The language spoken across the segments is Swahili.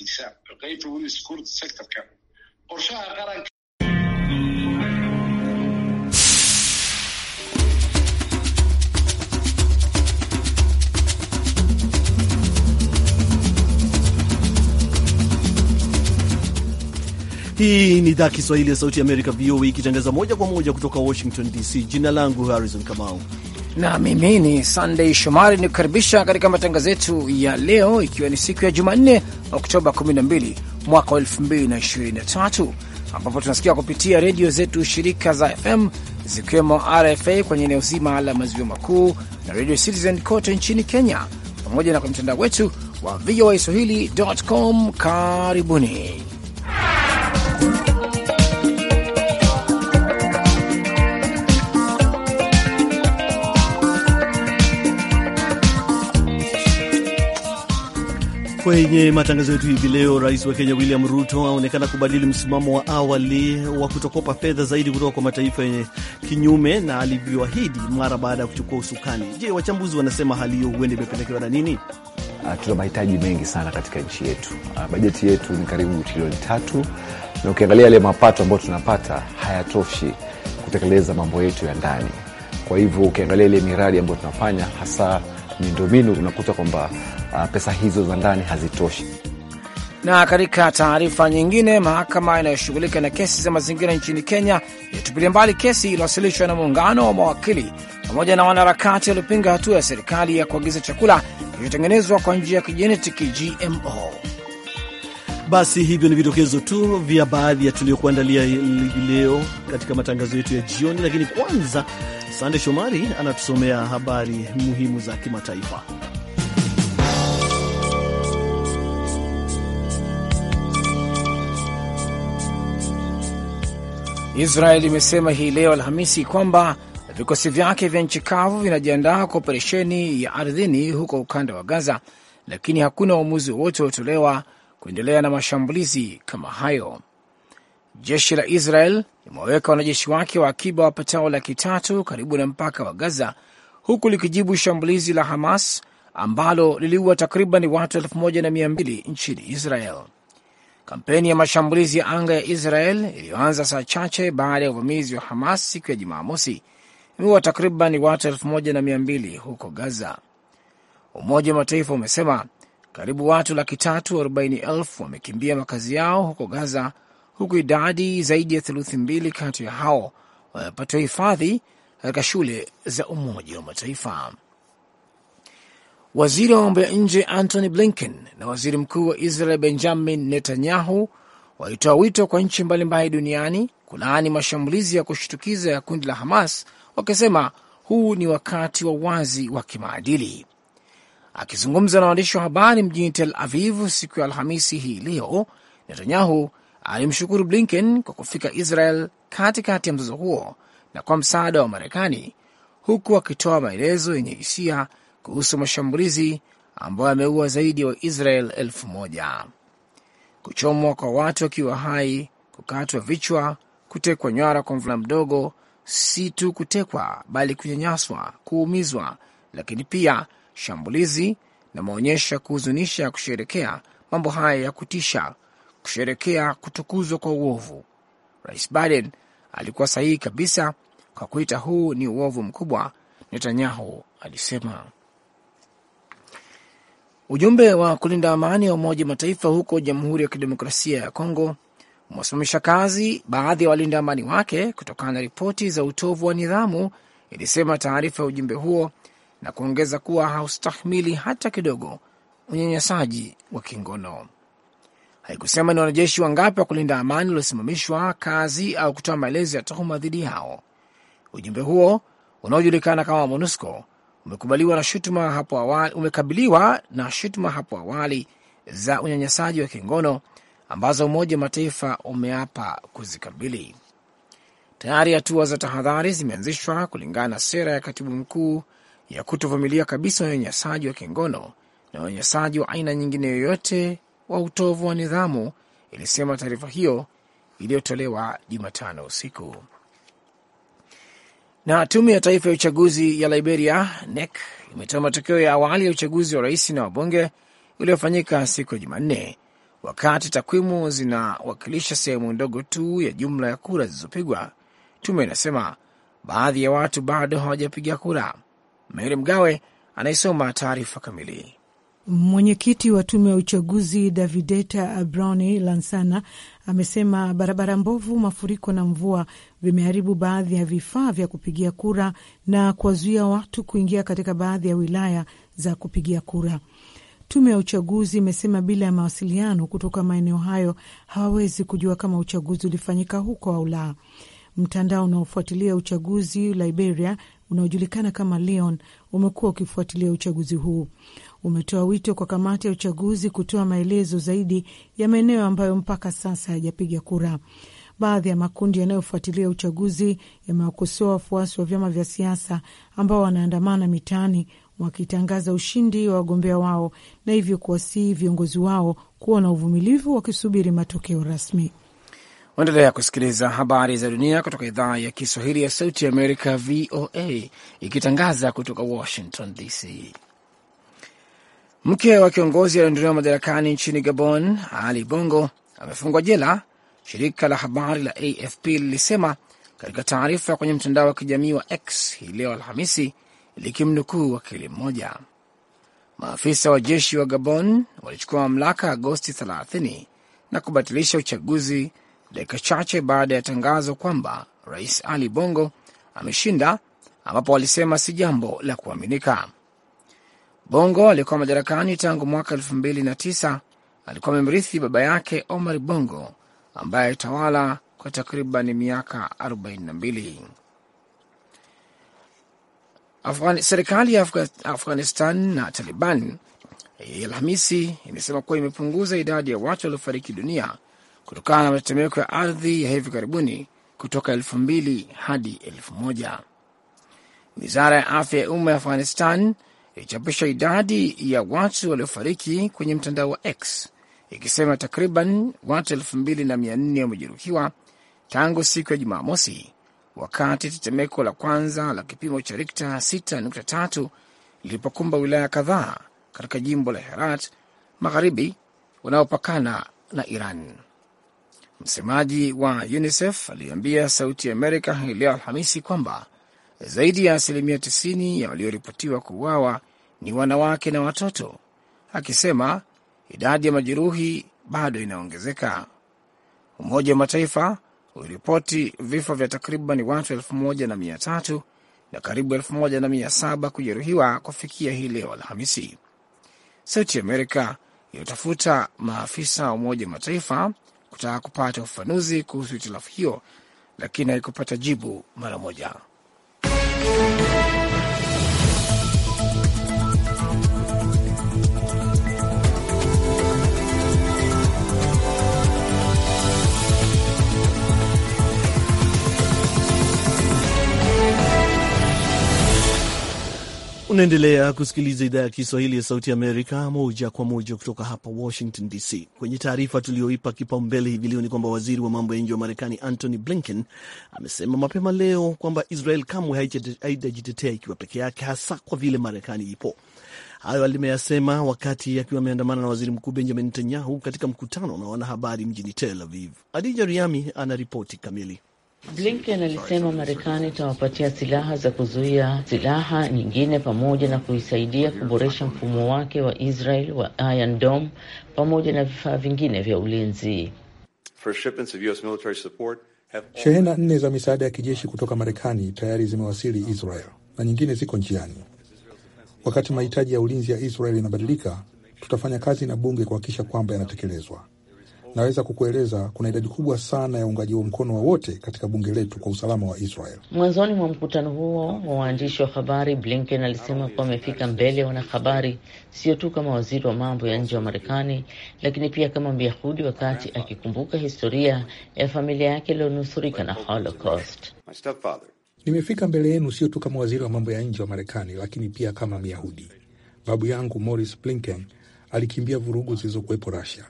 heshiisaa qaybta weli security sectorka qorshaha qaranka. Hii ni idhaa Kiswahili ya Sauti ya Amerika, VOA, e, ikitangaza moja kwa moja kutoka Washington DC. Jina langu Harrison Kamau na mimi ni Sunday Shomari ni kukaribisha katika matangazo yetu ya leo, ikiwa ni siku ya Jumanne Oktoba 12 mwaka 2023 ambapo tunasikia kupitia redio zetu shirika za FM zikiwemo RFA kwenye eneo zima la maziwa makuu na Radio Citizen kote nchini Kenya, pamoja na kwenye mtandao wetu wa VOA Swahili.com. Karibuni. Kwenye matangazo yetu hivi leo, rais wa Kenya William Ruto aonekana kubadili msimamo wa awali wa kutokopa fedha zaidi kutoka kwa mataifa yenye kinyume na alivyoahidi mara baada ya kuchukua usukani. Je, wachambuzi wanasema hali hiyo huenda imepelekewa na nini? Ah, tuna mahitaji mengi sana katika nchi yetu. Ah, bajeti yetu ni karibu trilioni tatu, na ukiangalia yale mapato ambayo tunapata hayatoshi kutekeleza mambo yetu ya ndani. Kwa hivyo ukiangalia ile miradi ambayo tunafanya hasa miundombinu, unakuta kwamba uh, pesa hizo za ndani hazitoshi. Na katika taarifa nyingine, mahakama inayoshughulika na kesi za mazingira nchini Kenya yatupilia mbali kesi iliyowasilishwa na muungano wa mawakili pamoja na wanaharakati waliopinga hatua ya serikali ya kuagiza chakula kilichotengenezwa kwa njia ya kijenetiki GMO. Basi hivyo ni vidokezo tu vya baadhi ya tuliokuandalia leo katika matangazo yetu ya jioni, lakini kwanza, Sande Shomari anatusomea habari muhimu za kimataifa. Israel imesema hii leo Alhamisi kwamba vikosi vyake vya nchi kavu vinajiandaa kwa operesheni ya ardhini huko ukanda wa Gaza, lakini hakuna uamuzi wowote uliotolewa kuendelea na mashambulizi kama hayo. Jeshi la Israel limewaweka wanajeshi wake wa akiba wapatao laki tatu karibu na mpaka wa Gaza, huku likijibu shambulizi la Hamas ambalo liliua takriban watu elfu moja na mia mbili nchini Israel. Kampeni ya mashambulizi ya anga ya Israel iliyoanza saa chache baada ya uvamizi wa Hamas siku ya Jumamosi imeua takriban watu elfu moja na mia mbili huko Gaza. Umoja wa Mataifa umesema karibu watu laki tatu arobaini elfu wamekimbia makazi yao huko Gaza, huku idadi zaidi ya theluthi mbili kati ya hao wamepatiwa hifadhi katika shule za Umoja wa Mataifa. Waziri wa mambo ya nje Antony Blinken na waziri mkuu wa Israel Benjamin Netanyahu walitoa wito kwa nchi mbalimbali duniani kulaani mashambulizi ya kushtukiza ya kundi la Hamas, wakisema huu ni wakati wa wazi wa kimaadili. Akizungumza na waandishi wa habari mjini Tel Aviv siku ya Alhamisi hii leo, Netanyahu alimshukuru Blinken kwa kufika Israel katikati ya mzozo huo na kwa msaada wa Marekani, huku akitoa maelezo yenye hisia kuhusu mashambulizi ambayo yameua zaidi ya wa Waisrael elfu moja. Kuchomwa kwa watu wakiwa hai, kukatwa vichwa, kutekwa nyara kwa mvulana mdogo, si tu kutekwa, bali kunyanyaswa, kuumizwa, lakini pia shambulizi na maonyesho ya kuhuzunisha ya kusherekea mambo haya ya kutisha, kusherekea kutukuzwa kwa uovu. Rais Biden alikuwa sahihi kabisa kwa kuita huu ni uovu mkubwa, Netanyahu alisema. Ujumbe wa kulinda amani wa Umoja Mataifa huko Jamhuri ya Kidemokrasia ya Kongo umewasimamisha kazi baadhi ya walinda amani wake kutokana na ripoti za utovu wa nidhamu, ilisema taarifa ya ujumbe huo, na kuongeza kuwa haustahimili hata kidogo unyanyasaji wa kingono. Haikusema ni wanajeshi wangapi wa kulinda amani waliosimamishwa kazi au kutoa maelezo ya tuhuma dhidi yao. Ujumbe huo unaojulikana kama MONUSCO umekabiliwa na shutuma hapo awali, umekabiliwa na shutuma hapo awali za unyanyasaji wa kingono ambazo Umoja wa Mataifa umeapa kuzikabili. Tayari hatua za tahadhari zimeanzishwa kulingana na sera ya katibu mkuu ya kutovumilia kabisa unyanyasaji wa kingono na unyanyasaji wa aina nyingine yoyote wa utovu wa nidhamu, ilisema taarifa hiyo iliyotolewa Jumatano usiku. Na tume ya taifa ya uchaguzi ya Liberia, NEC, imetoa matokeo ya awali ya uchaguzi wa rais na wabunge uliofanyika siku ya Jumanne, wakati takwimu zinawakilisha sehemu ndogo tu ya jumla ya kura zilizopigwa. Tume inasema baadhi ya watu bado hawajapiga kura. Mary Mgawe anaisoma taarifa kamili. Mwenyekiti wa tume ya uchaguzi Davideta Brown Lansana amesema barabara mbovu, mafuriko na mvua vimeharibu baadhi ya vifaa vya kupigia kura na kuwazuia watu kuingia katika baadhi ya wilaya za kupigia kura. Tume ya uchaguzi imesema bila ya mawasiliano kutoka maeneo hayo hawawezi kujua kama uchaguzi ulifanyika huko au la. Mtandao unaofuatilia uchaguzi Liberia unaojulikana kama Leon umekuwa ukifuatilia uchaguzi huu umetoa wito kwa kamati ya uchaguzi kutoa maelezo zaidi ya maeneo ambayo mpaka sasa hayajapiga kura. Baadhi ya makundi yanayofuatilia uchaguzi yamewakosoa wafuasi wa vyama vya siasa ambao wanaandamana mitaani wakitangaza ushindi wa wagombea wao na hivyo kuwasihi viongozi wao kuwa na uvumilivu wakisubiri matokeo rasmi. Waendelea kusikiliza habari za dunia kutoka idhaa ya Kiswahili ya Sauti ya Amerika, VOA, ikitangaza kutoka Washington DC. Mke wa kiongozi aliondolewa madarakani nchini Gabon, Ali Bongo, amefungwa jela, shirika la habari la AFP lilisema katika taarifa kwenye mtandao wa kijamii wa X hii leo Alhamisi, likimnukuu wakili mmoja. Maafisa wa jeshi wa Gabon walichukua mamlaka Agosti 30 na kubatilisha uchaguzi dakika chache baada ya tangazo kwamba rais Ali Bongo ameshinda, ambapo walisema si jambo la kuaminika. Bongo alikuwa madarakani tangu mwaka elfu mbili na tisa. Alikuwa amemrithi baba yake Omar Bongo ambaye alitawala kwa takriban miaka 42. mbili. serikali ya Afghanistan na Taliban Alhamisi imesema kuwa imepunguza idadi ya watu waliofariki dunia kutokana na matetemeko ya ardhi ya hivi karibuni kutoka elfu mbili hadi elfu moja. Wizara ya afya ya umma ya Afghanistan ilichapisha idadi ya watu waliofariki kwenye mtandao wa X ikisema takriban watu elfu mbili na mia nne wamejeruhiwa tangu siku ya Jumamosi, wakati tetemeko la kwanza la kipimo cha Rikta 6.3 lilipokumba wilaya kadhaa katika jimbo la Herat Magharibi unaopakana na Iran. Msemaji wa UNICEF aliambia Sauti ya Amerika hii leo Alhamisi kwamba zaidi ya asilimia 90 ya walioripotiwa kuuawa ni wanawake na watoto, akisema idadi ya majeruhi bado inaongezeka. Umoja wa Mataifa uliripoti vifo vya takriban watu elfu moja na mia tatu na karibu elfu moja na mia saba kujeruhiwa kufikia hii leo Alhamisi. Sauti ya Amerika iliyotafuta maafisa wa Umoja wa Mataifa kutaka kupata ufafanuzi kuhusu hitilafu hiyo, lakini haikupata jibu mara moja. Unaendelea kusikiliza idhaa ya Kiswahili ya Sauti Amerika moja kwa moja kutoka hapa Washington DC. Kwenye taarifa tuliyoipa kipaumbele hivi leo ni kwamba waziri wa mambo ya nje wa Marekani Antony Blinken amesema mapema leo kwamba Israel kamwe haitajitetea ikiwa peke yake, hasa kwa vile Marekani ipo. Hayo alimeyasema wakati akiwa ameandamana na waziri mkuu Benjamin Netanyahu katika mkutano na wanahabari mjini Tel Aviv. Adija Riami anaripoti kamili. Blinken alisema Marekani itawapatia silaha za kuzuia silaha nyingine pamoja na kuisaidia kuboresha mfumo wake wa Israel wa Iron Dome pamoja na vifaa vingine vya ulinzi. Shehena nne za misaada ya kijeshi kutoka Marekani tayari zimewasili Israel na nyingine ziko njiani. Wakati mahitaji ya ulinzi ya Israel yanabadilika, tutafanya kazi na bunge kuhakikisha kwamba yanatekelezwa naweza kukueleza kuna idadi kubwa sana ya uungaji wa mkono wa wote katika bunge letu kwa usalama wa Israel. Mwanzoni mwa mkutano huo wa waandishi wa habari, Blinken alisema kuwa amefika mbele ya wanahabari sio tu kama waziri wa mambo ya nje wa Marekani, lakini pia kama Myahudi wakati akikumbuka historia ya familia yake iliyonusurika na Holocaust. Nimefika mbele yenu sio tu kama waziri wa mambo ya nje wa Marekani, lakini pia kama Myahudi. Babu yangu Morris Blinken alikimbia vurugu zilizokuwepo rasia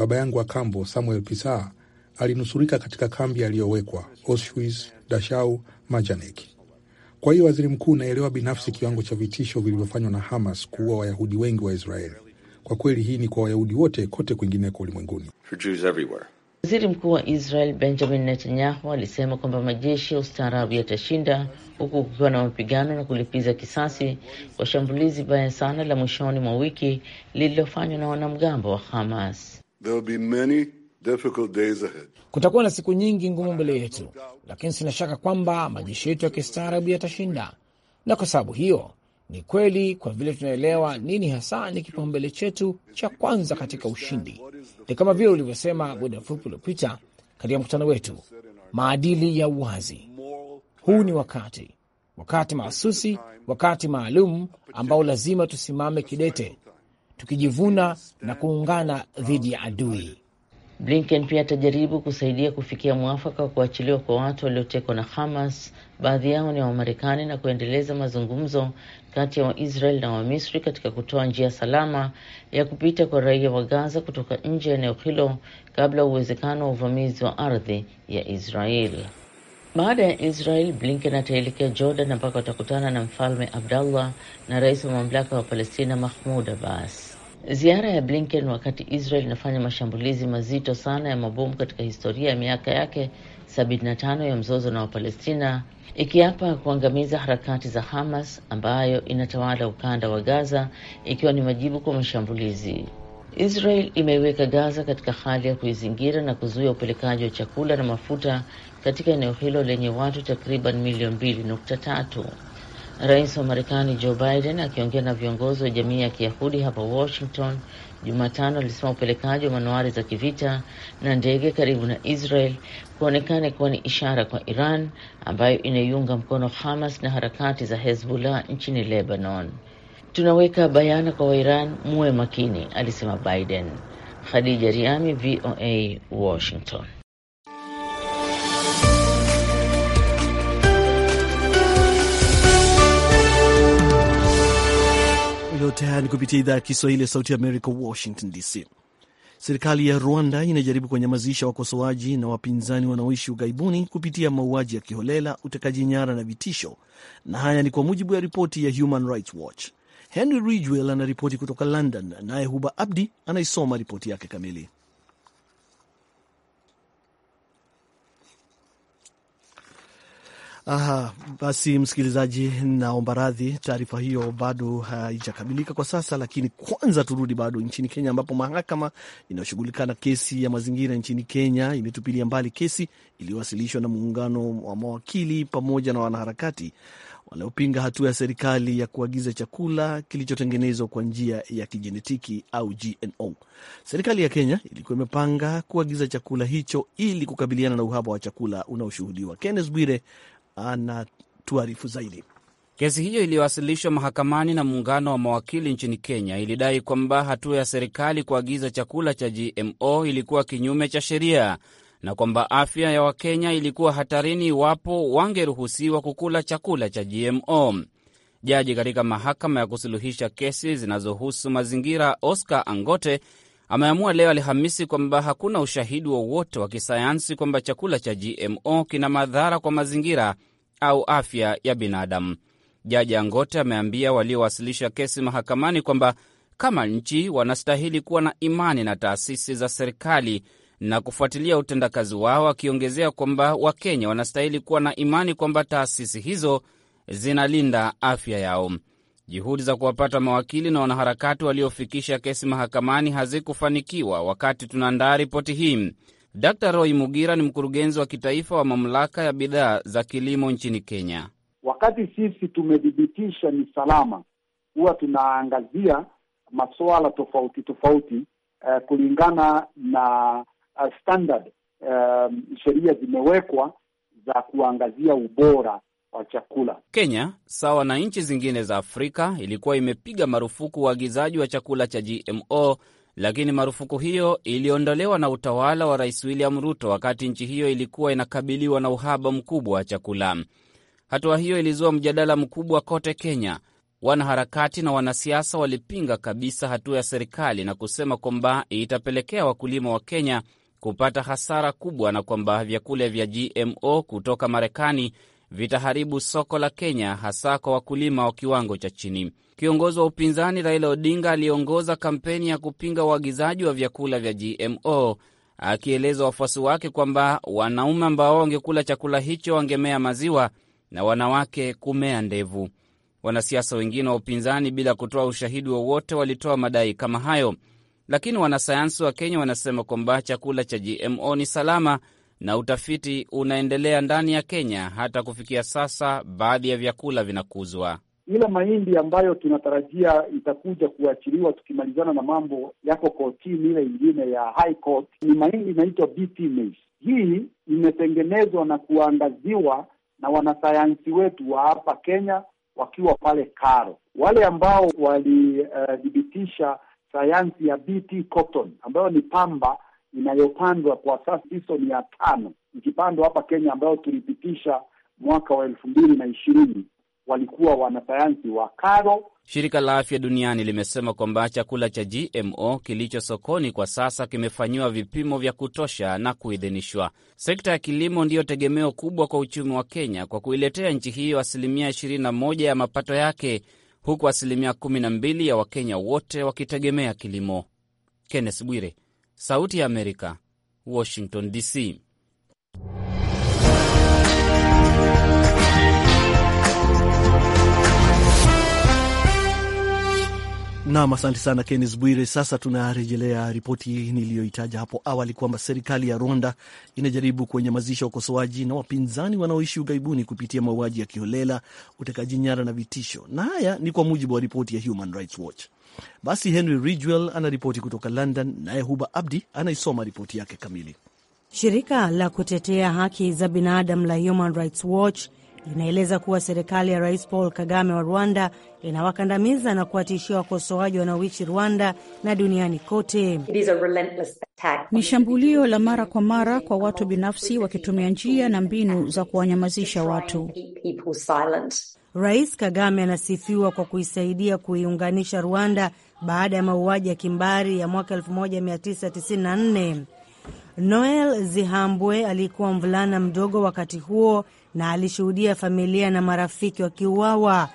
Baba yangu wa kambo Samuel Pisaa alinusurika katika kambi aliyowekwa Auschwitz, Dachau, Majanek. Kwa hiyo waziri mkuu, naelewa binafsi kiwango cha vitisho vilivyofanywa na Hamas kuua Wayahudi wengi wa Israeli. Kwa kweli, hii ni kwa Wayahudi wote kote kwingineko ulimwenguni. Waziri mkuu wa Israel Benjamin Netanyahu alisema kwamba majeshi ya ustaarabu yatashinda huku kukiwa na mapigano na kulipiza kisasi kwa shambulizi baya sana la mwishoni mwa wiki lililofanywa na wanamgambo wa Hamas. There will be many difficult days ahead. Kutakuwa na siku nyingi ngumu mbele yetu, lakini sina shaka kwamba majeshi yetu ya kistaarabu yatashinda, na kwa sababu hiyo ni kweli kwa vile tunaelewa nini hasa ni kipaumbele chetu cha kwanza katika ushindi. Ni kama vile ulivyosema muda mfupi uliopita katika mkutano wetu, maadili ya uwazi. Huu ni wakati wakati mahususi, wakati maalum ambao lazima tusimame kidete tukijivuna na kuungana dhidi ya adui. Blinken pia atajaribu kusaidia kufikia mwafaka wa kuachiliwa kwa watu waliotekwa na Hamas, baadhi yao ni Wamarekani, na kuendeleza mazungumzo kati ya Waisrael na Wamisri katika kutoa njia salama ya kupita kwa raia wa Gaza kutoka nje ya eneo hilo kabla ya uwezekano wa uvamizi wa ardhi ya Israel. Baada ya Israel, Blinken ataelekea Jordan ambako atakutana na Mfalme Abdallah na rais wa mamlaka wa Palestina Mahmud Abbas. Ziara ya Blinken wakati Israel inafanya mashambulizi mazito sana ya mabomu katika historia ya miaka yake 75 ya mzozo na Wapalestina, ikiapa kuangamiza harakati za Hamas ambayo inatawala ukanda wa Gaza, ikiwa ni majibu kwa mashambulizi. Israel imeiweka Gaza katika hali ya kuizingira na kuzuia upelekaji wa chakula na mafuta katika eneo hilo lenye watu takriban milioni 2.3. Rais wa Marekani Joe Biden akiongea na viongozi wa jamii ya Kiyahudi hapa Washington Jumatano alisema upelekaji wa manowari za kivita na ndege karibu na Israel kuonekana kuwa ni ishara kwa Iran ambayo inaiunga mkono Hamas na harakati za Hezbollah nchini Lebanon. Tunaweka bayana kwa Wairan, muwe makini, alisema Biden. Khadija Riami, VOA, Washington. Yote haya ni kupitia idhaa ya Kiswahili ya Sauti ya Amerika, Washington DC. Serikali ya Rwanda inajaribu kuwanyamazisha wakosoaji na wapinzani wanaoishi ughaibuni kupitia mauaji ya kiholela, utekaji nyara na vitisho, na haya ni kwa mujibu ya ripoti ya Human Rights Watch. Henry Ridgwell anaripoti kutoka London, naye Huba Abdi anaisoma ripoti yake kamili. Aha, basi msikilizaji, naomba radhi, taarifa hiyo bado uh, haijakamilika kwa sasa, lakini kwanza turudi bado nchini Kenya, ambapo mahakama inayoshughulika na kesi ya mazingira nchini Kenya imetupilia mbali kesi iliyowasilishwa na muungano wa mawakili pamoja na wanaharakati wanaopinga hatua ya serikali ya kuagiza chakula kilichotengenezwa kwa njia ya kijenetiki au GMO. Serikali ya Kenya ilikuwa imepanga kuagiza chakula hicho ili kukabiliana na uhaba wa chakula unaoshuhudiwa. Kenneth Bwire anatuarifu zaidi. Kesi hiyo iliyowasilishwa mahakamani na muungano wa mawakili nchini Kenya ilidai kwamba hatua ya serikali kuagiza chakula cha GMO ilikuwa kinyume cha sheria na kwamba afya ya Wakenya ilikuwa hatarini iwapo wangeruhusiwa kukula chakula cha GMO. Jaji katika mahakama ya kusuluhisha kesi zinazohusu mazingira Oscar Angote ameamua leo Alhamisi kwamba hakuna ushahidi wowote wa, wa kisayansi kwamba chakula cha GMO kina madhara kwa mazingira au afya ya binadamu. Jaji Angote ameambia waliowasilisha kesi mahakamani kwamba kama nchi wanastahili kuwa na imani na taasisi za serikali na kufuatilia utendakazi wao, akiongezea kwamba Wakenya wanastahili kuwa na imani kwamba taasisi hizo zinalinda afya yao. Juhudi za kuwapata mawakili na wanaharakati waliofikisha kesi mahakamani hazikufanikiwa wakati tunaandaa ripoti hii. Dr Roy Mugira ni mkurugenzi wa kitaifa wa mamlaka ya bidhaa za kilimo nchini Kenya. Wakati sisi tumethibitisha ni salama, huwa tunaangazia masuala tofauti tofauti uh, kulingana na eh, standard uh, sheria zimewekwa za kuangazia ubora wa chakula. Kenya sawa na nchi zingine za Afrika ilikuwa imepiga marufuku uagizaji wa, wa chakula cha GMO, lakini marufuku hiyo iliondolewa na utawala wa Rais William Ruto wakati nchi hiyo ilikuwa inakabiliwa na uhaba mkubwa wa chakula. Hatua hiyo ilizua mjadala mkubwa kote Kenya. Wanaharakati na wanasiasa walipinga kabisa hatua ya serikali na kusema kwamba itapelekea wakulima wa Kenya kupata hasara kubwa na kwamba vyakula vya GMO kutoka Marekani vitaharibu soko la Kenya, hasa kwa wakulima wa kiwango cha chini. Kiongozi wa upinzani Raila Odinga aliongoza kampeni ya kupinga uagizaji wa vyakula vya GMO akieleza wafuasi wake kwamba wanaume ambao wangekula chakula hicho wangemea maziwa na wanawake kumea ndevu. Wanasiasa wengine wa upinzani, bila kutoa ushahidi wowote, wa walitoa madai kama hayo, lakini wanasayansi wa Kenya wanasema kwamba chakula cha GMO ni salama na utafiti unaendelea ndani ya Kenya. Hata kufikia sasa, baadhi ya vyakula vinakuzwa. Ile mahindi ambayo tunatarajia itakuja kuachiliwa tukimalizana na mambo yako kotini, ile ingine ya high court, ni mahindi inaitwa BT maize. Hii imetengenezwa na kuangaziwa na wanasayansi wetu wa hapa Kenya wakiwa pale Karo, wale ambao walithibitisha uh, sayansi ya BT cotton ambayo ni pamba inayopandwa kwa sasa, hizo ni ya tano ikipandwa hapa Kenya, ambayo tulipitisha mwaka wa elfu mbili na ishirini walikuwa wanasayansi wa karo. Shirika la Afya Duniani limesema kwamba chakula cha GMO kilicho sokoni kwa sasa kimefanyiwa vipimo vya kutosha na kuidhinishwa. Sekta ya kilimo ndiyo tegemeo kubwa kwa uchumi wa Kenya kwa kuiletea nchi hiyo asilimia 21 ya mapato yake, huku asilimia 12 ya Wakenya wote wakitegemea kilimo. Kenneth Bwire, Sauti ya Amerika, Washington DC. Nam, asante sana Kennes Bwire. Sasa tunarejelea ripoti niliyoitaja hapo awali kwamba serikali ya Rwanda inajaribu kuwanyamazisha ukosoaji na wapinzani wanaoishi ughaibuni kupitia mauaji ya kiholela, utekaji nyara na vitisho, na haya ni kwa mujibu wa ripoti ya Human Rights Watch. Basi Henry Ridgwell anaripoti kutoka London, naye Huba Abdi anaisoma ripoti yake kamili. Shirika la kutetea haki za binadamu la Human Rights Watch linaeleza kuwa serikali ya Rais Paul Kagame wa Rwanda inawakandamiza na kuwatishia wakosoaji wanaoishi Rwanda na duniani kote. Ni shambulio la mara kwa mara kwa watu binafsi wakitumia njia na mbinu za kuwanyamazisha watu. Rais Kagame anasifiwa kwa kuisaidia kuiunganisha Rwanda baada ya mauaji ya kimbari ya mwaka 1994. Noel Zihambwe alikuwa mvulana mdogo wakati huo na alishuhudia familia na marafiki wakiuawa.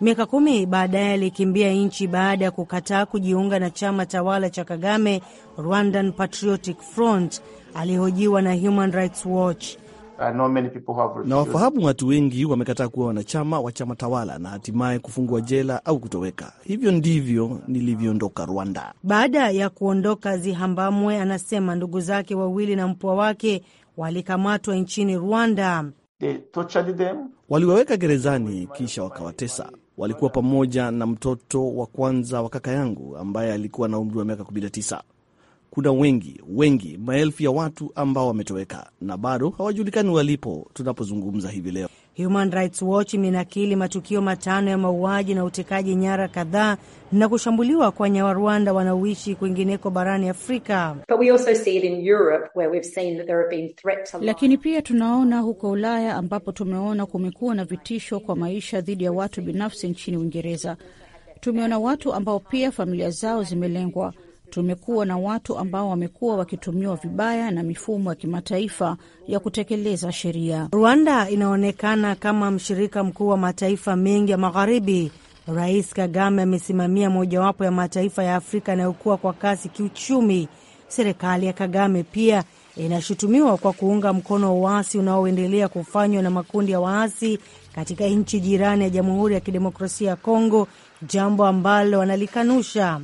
Miaka kumi baadaye alikimbia nchi baada ya kukataa kujiunga na chama tawala cha Kagame, Rwandan Patriotic Front. Alihojiwa na Human Rights Watch. Uh, na nawafahamu watu wengi wamekataa kuwa wanachama wa chama tawala na hatimaye kufungwa jela au kutoweka. Hivyo ndivyo nilivyoondoka Rwanda. Baada ya kuondoka, Zihambamwe anasema ndugu zake wawili na mpwa wake walikamatwa nchini Rwanda. Waliwaweka gerezani kisha wakawatesa. Walikuwa pamoja na mtoto wa kwanza wa kaka yangu ambaye alikuwa na umri wa miaka 19. Kuna wengi wengi, maelfu ya watu ambao wametoweka na bado hawajulikani walipo tunapozungumza hivi leo. Human Rights Watch imenakili matukio matano ya mauaji na utekaji nyara kadhaa na kushambuliwa kwa Nyarwanda wanaoishi kwingineko barani Afrika. Lakini pia tunaona huko Ulaya ambapo tumeona kumekuwa na vitisho kwa maisha dhidi ya watu binafsi nchini Uingereza. Tumeona watu ambao pia familia zao zimelengwa. Tumekuwa na watu ambao wamekuwa wakitumiwa vibaya na mifumo ya kimataifa ya kutekeleza sheria. Rwanda inaonekana kama mshirika mkuu wa mataifa mengi ya magharibi. Rais Kagame amesimamia mojawapo ya mataifa ya Afrika yanayokuwa kwa kasi kiuchumi. Serikali ya Kagame pia inashutumiwa kwa kuunga mkono uasi unaoendelea kufanywa na makundi ya waasi katika nchi jirani ya Jamhuri ya Kidemokrasia ya Kongo, jambo ambalo wanalikanusha.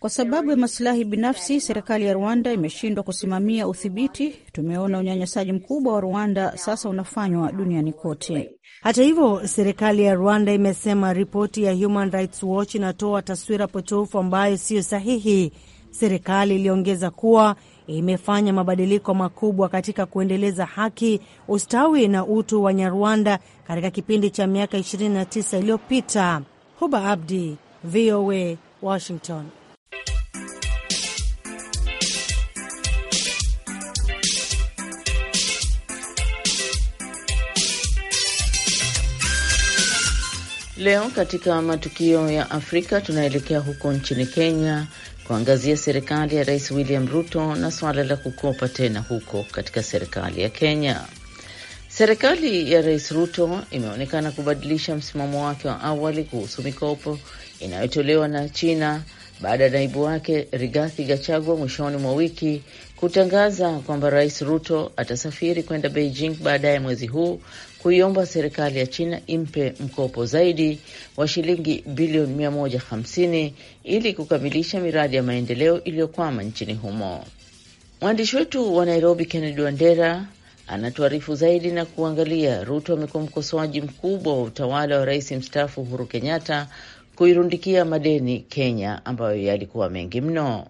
Kwa sababu ya masilahi binafsi, serikali ya Rwanda imeshindwa kusimamia udhibiti. Tumeona unyanyasaji mkubwa wa Rwanda sasa unafanywa duniani kote. Hata hivyo, serikali ya Rwanda imesema ripoti ya Human Rights Watch inatoa taswira potofu ambayo siyo sahihi. Serikali iliongeza kuwa imefanya mabadiliko makubwa katika kuendeleza haki, ustawi na utu wa Nyarwanda katika kipindi cha miaka 29 iliyopita. Huba Abdi, VOA Washington. Leo katika matukio ya Afrika tunaelekea huko nchini Kenya kuangazia serikali ya Rais William Ruto na suala la kukopa tena huko katika serikali ya Kenya. Serikali ya Rais Ruto imeonekana kubadilisha msimamo wake wa awali kuhusu mikopo inayotolewa na China baada ya naibu wake Rigathi Gachagua mwishoni mwa wiki kutangaza kwamba Rais Ruto atasafiri kwenda Beijing baadaye mwezi huu kuiomba serikali ya China impe mkopo zaidi wa shilingi bilioni 150 ili kukamilisha miradi ya maendeleo iliyokwama nchini humo. Mwandishi wetu wa Nairobi Kennedy Wandera anatuarifu zaidi na kuangalia. Ruto amekuwa mkosoaji mkubwa wa utawala wa rais mstaafu Uhuru Kenyatta kuirundikia madeni Kenya ambayo yalikuwa mengi mno.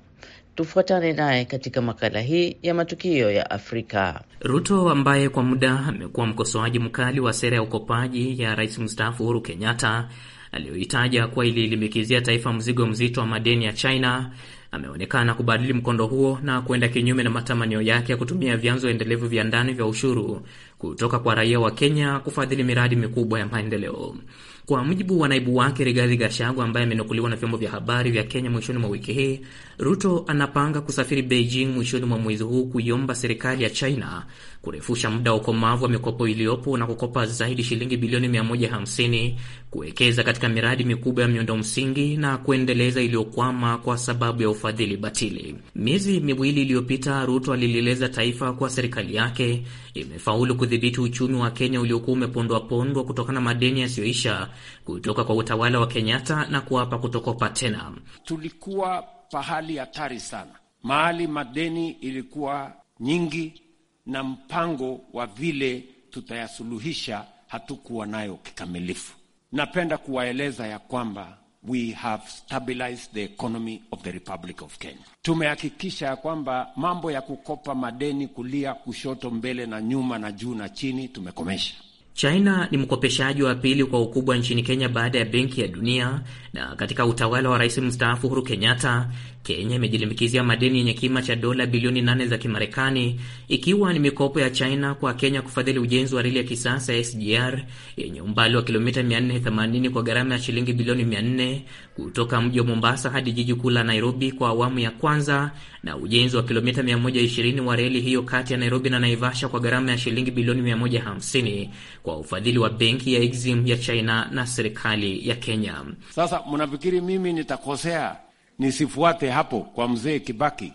Tufuatane naye katika makala hii ya matukio ya Afrika. Ruto ambaye kwa muda amekuwa mkosoaji mkali wa sera ya ukopaji ya rais mstaafu Uhuru Kenyatta aliyoitaja kuwa ililimbikizia taifa mzigo mzito wa madeni ya China ameonekana kubadili mkondo huo na kwenda kinyume na matamanio yake ya kutumia vyanzo endelevu vya ndani vya ushuru kutoka kwa raia wa Kenya kufadhili miradi mikubwa ya maendeleo. Kwa mujibu wa naibu wake Rigathi Gachagua ambaye amenukuliwa na vyombo vya habari vya Kenya mwishoni mwa wiki hii, Ruto anapanga kusafiri Beijing mwishoni mwa mwezi huu kuiomba serikali ya China kurefusha muda wa ukomavu wa mikopo iliyopo na kukopa zaidi shilingi bilioni 150 kuwekeza katika miradi mikubwa ya miundo msingi na kuendeleza iliyokwama kwa sababu ya ufadhili batili. Miezi miwili iliyopita, Ruto alilieleza taifa kuwa serikali yake imefaulu kudhibiti uchumi wa Kenya uliokuwa umepondwapondwa kutokana na madeni yasiyoisha kutoka kwa utawala wa Kenyatta na kuapa kutokopa tena. Tulikuwa pahali hatari sana, mahali madeni ilikuwa nyingi na mpango wa vile tutayasuluhisha hatukuwa nayo kikamilifu. Napenda kuwaeleza ya kwamba we have stabilized the economy of the Republic of Kenya. Tumehakikisha ya kwamba mambo ya kukopa madeni kulia, kushoto, mbele na nyuma, na juu na chini tumekomesha. China ni mkopeshaji wa pili kwa ukubwa nchini Kenya baada ya Benki ya Dunia, na katika utawala wa rais mstaafu Uhuru Kenyatta Kenya imejilimbikizia madeni yenye kima cha dola bilioni nane za Kimarekani, ikiwa ni mikopo ya China kwa Kenya kufadhili ujenzi wa reli ya kisasa ya SGR yenye umbali wa kilomita 480 kwa gharama ya shilingi bilioni 400 kutoka mji wa Mombasa hadi jiji kuu la Nairobi kwa awamu ya kwanza, na ujenzi wa kilomita 120 wa reli hiyo kati ya Nairobi na Naivasha kwa gharama ya shilingi bilioni 150 kwa ufadhili wa benki ya Exim ya China na serikali ya Kenya. Sasa mnafikiri mimi nitakosea nisifuate hapo kwa mzee Kibaki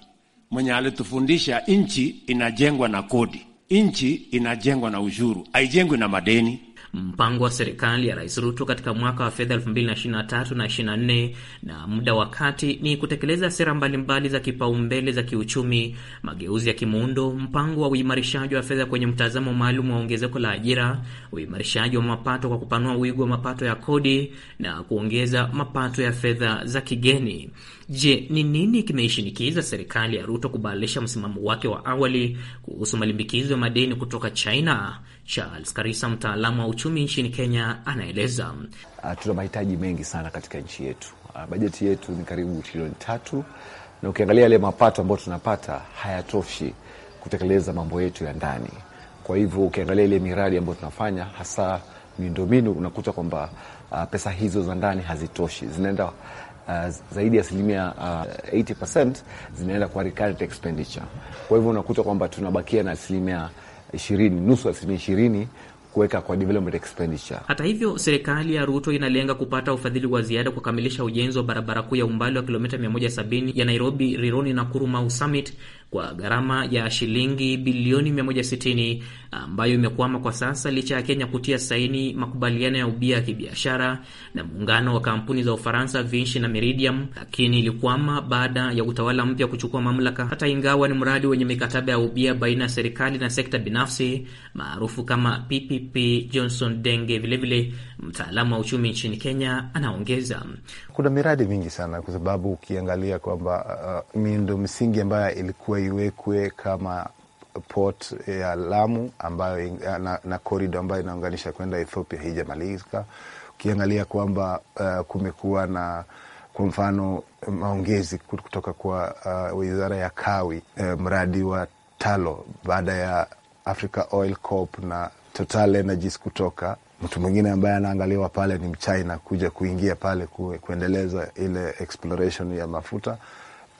mwenye alitufundisha nchi inajengwa na kodi, nchi inajengwa na ushuru, haijengwi na madeni mpango wa serikali ya Rais Ruto katika mwaka wa fedha 2023 na 24 na muda wa kati ni kutekeleza sera mbalimbali za kipaumbele za kiuchumi, mageuzi ya kimuundo, mpango wa uimarishaji wa fedha kwenye mtazamo maalum wa ongezeko la ajira, uimarishaji wa mapato kwa kupanua wigo wa mapato ya kodi na kuongeza mapato ya fedha za kigeni. Je, ni nini kimeishinikiza serikali ya Ruto kubadilisha msimamo wake wa awali kuhusu malimbikizo ya madeni kutoka China? Charles Karisa, mtaalamu wa uchumi nchini Kenya, anaeleza. Ah, tuna mahitaji mengi sana katika nchi yetu. Ah, bajeti yetu ni karibu trilioni tatu, na ukiangalia yale mapato ambayo tunapata hayatoshi kutekeleza mambo yetu ya ndani. Kwa hivyo ukiangalia ile miradi ambayo tunafanya hasa miundombinu, unakuta kwamba uh, pesa hizo za ndani hazitoshi, zinaenda Uh, zaidi ya asilimia uh, 80% zinaenda kwa recurrent expenditure. Kwa hivyo unakuta kwamba tunabakia na asilimia ishirini, nusu asilimia ishirini kuweka kwa development expenditure. Hata hivyo, serikali ya Ruto inalenga kupata ufadhili wa ziada kukamilisha ujenzi wa barabara kuu ya umbali wa kilomita 170 ya Nairobi Rironi na Kuruma Summit kwa gharama ya shilingi bilioni 160 ambayo imekwama kwa sasa licha ya Kenya kutia saini makubaliano ya ubia ya kibiashara na muungano wa kampuni za Ufaransa Vinci na Meridiam, lakini ilikwama baada ya utawala mpya kuchukua mamlaka, hata ingawa ni mradi wenye mikataba ya ubia baina ya serikali na sekta binafsi maarufu kama PPP Johnson Denge vilevile vile, Mtaalamu wa uchumi nchini Kenya anaongeza, kuna miradi mingi sana kwa sababu ukiangalia kwamba uh, miundo msingi ambayo ilikuwa iwekwe kama port ya Lamu ambayo uh, na, na korido ambayo inaunganisha kwenda Ethiopia hijamalizika. Ukiangalia kwamba uh, kumekuwa na kwa mfano maongezi kutoka kwa uh, wizara ya kawi uh, mradi wa Talo baada ya Africa Oil Corp na Total Energies kutoka mtu mwingine ambaye anaangaliwa pale ni Mchina kuja kuingia pale kuendeleza ile exploration ya mafuta.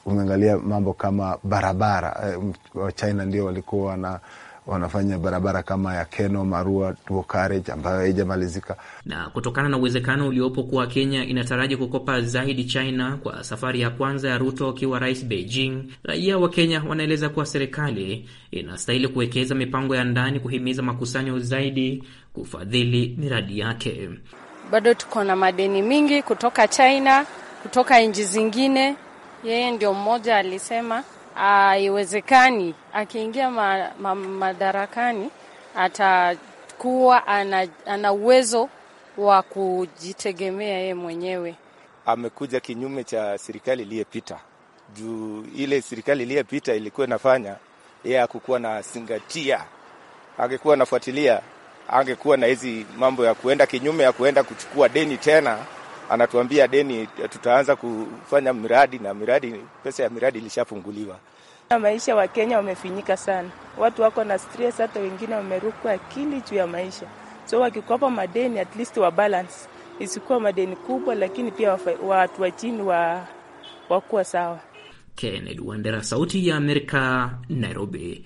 Umeangalia mambo kama barabara, eh, Wachina ndio walikuwa wana wanafanya barabara kama ya Keno Marua Carriage ambayo haijamalizika. Na kutokana na uwezekano uliopo kuwa Kenya inataraji kukopa zaidi China kwa safari ya kwanza ya Ruto akiwa rais Beijing, raia wa Kenya wanaeleza kuwa serikali inastahili kuwekeza mipango ya ndani kuhimiza makusanyo zaidi kufadhili miradi yake. Bado tuko na madeni mingi kutoka China, kutoka nchi zingine. Yeye ndio mmoja alisema haiwezekani, akiingia ma, ma, madarakani atakuwa ana, ana uwezo wa kujitegemea yeye mwenyewe. Amekuja kinyume cha serikali iliyepita, juu ile serikali iliyepita ilikuwa inafanya yeye, hakukuwa na singatia, akikuwa anafuatilia angekuwa na hizi mambo ya kuenda kinyume ya kuenda kuchukua deni tena. Anatuambia deni, tutaanza kufanya miradi na miradi, pesa ya miradi ilishafunguliwa. Maisha wa Kenya wamefinyika sana, watu wako na stress, hata wengine wamerukwa akili juu ya maisha. So wakikopa madeni at least wa balance, isikuwa madeni kubwa, lakini pia watu wa chini wa wakuwa sawa. Kennedy Wandera, Sauti ya Amerika, Nairobi.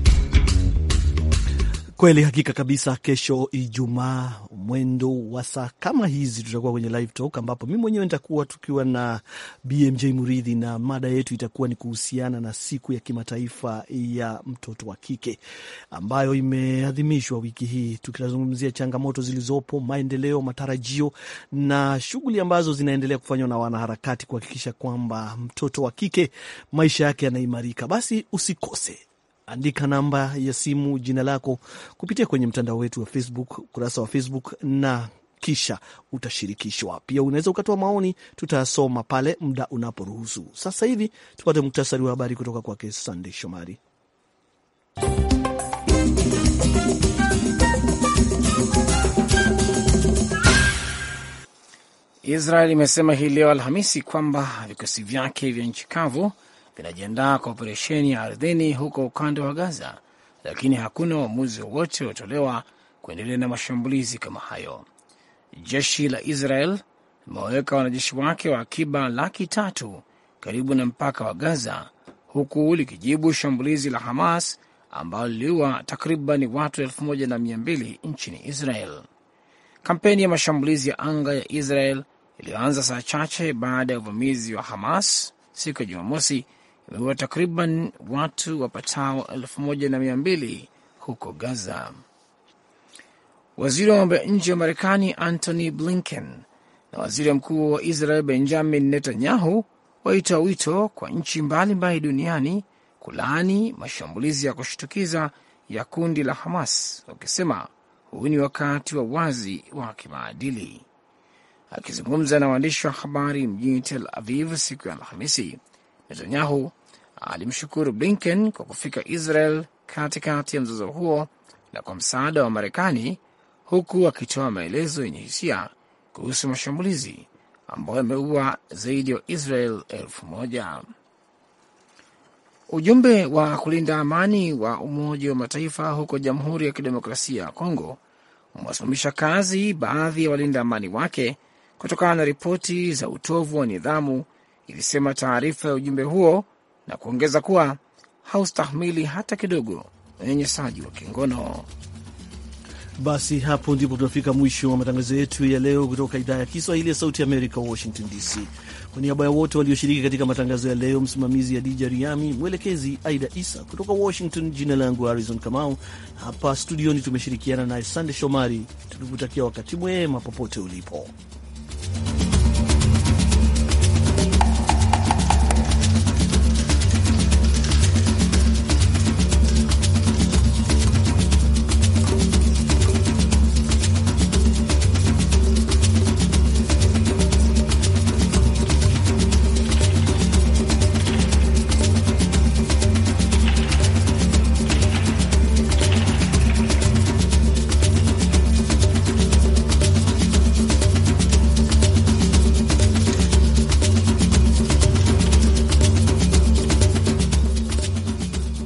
Kweli hakika kabisa. Kesho Ijumaa mwendo wa saa kama hizi tutakuwa kwenye live talk, ambapo mi mwenyewe nitakuwa tukiwa na BMJ Muridhi, na mada yetu itakuwa ni kuhusiana na siku ya kimataifa ya mtoto wa kike ambayo imeadhimishwa wiki hii, tukitazungumzia changamoto zilizopo, maendeleo, matarajio na shughuli ambazo zinaendelea kufanywa na wanaharakati kuhakikisha kwamba mtoto wa kike maisha yake yanaimarika. Basi usikose andika namba ya simu, jina lako kupitia kwenye mtandao wetu wa Facebook, ukurasa wa Facebook na kisha utashirikishwa. Pia unaweza ukatoa maoni, tutayasoma pale muda unaporuhusu. Sasa hivi tupate muktasari wa habari kutoka kwake Sandey Shomari. Israel imesema hii leo Alhamisi kwamba vikosi vyake vya nchi kavu vinajiandaa kwa operesheni ya ardhini huko ukanda wa Gaza, lakini hakuna uamuzi wowote uliotolewa kuendelea na mashambulizi kama hayo. Jeshi la Israel limewaweka wanajeshi wake wa akiba laki tatu karibu na mpaka wa Gaza, huku likijibu shambulizi la Hamas ambalo liliua takriban watu elfu moja na mia mbili nchini Israel. Kampeni ya mashambulizi ya anga ya Israel iliyoanza saa chache baada ya uvamizi wa Hamas siku ya Jumamosi ameua takriban watu wapatao elfu moja na mia mbili huko Gaza. Waziri wa mambo ya nje wa Marekani Antony Blinken na waziri mkuu wa Israel Benjamin Netanyahu waitoa wito kwa nchi mbalimbali duniani kulaani mashambulizi ya kushtukiza ya kundi la Hamas, wakisema huu ni wakati wa wazi wa kimaadili. Akizungumza na waandishi wa habari mjini Tel Aviv siku ya Alhamisi, Netanyahu alimshukuru Blinken kwa kufika Israel katikati ya mzozo huo na kwa msaada wa Marekani, huku akitoa maelezo yenye hisia kuhusu mashambulizi ambayo yameua zaidi ya Israel elfu moja. Ujumbe wa kulinda amani wa Umoja wa Mataifa huko Jamhuri ya Kidemokrasia ya Kongo umewasimamisha kazi baadhi ya walinda amani wake kutokana na ripoti za utovu wa nidhamu, ilisema taarifa ya ujumbe huo na kuongeza kuwa haustahimili hata kidogo unyenyesaji wa kingono. Basi hapo ndipo tunafika mwisho wa matangazo yetu ya leo kutoka idhaa ya Kiswahili ya Sauti Amerika, Washington DC. Kwa niaba ya wote walioshiriki katika matangazo ya leo, msimamizi ya Dija Riami, mwelekezi Aida Isa kutoka Washington. Jina langu Harizon Kamau, hapa studioni tumeshirikiana naye Sande Shomari, tukikutakia wakati mwema popote ulipo.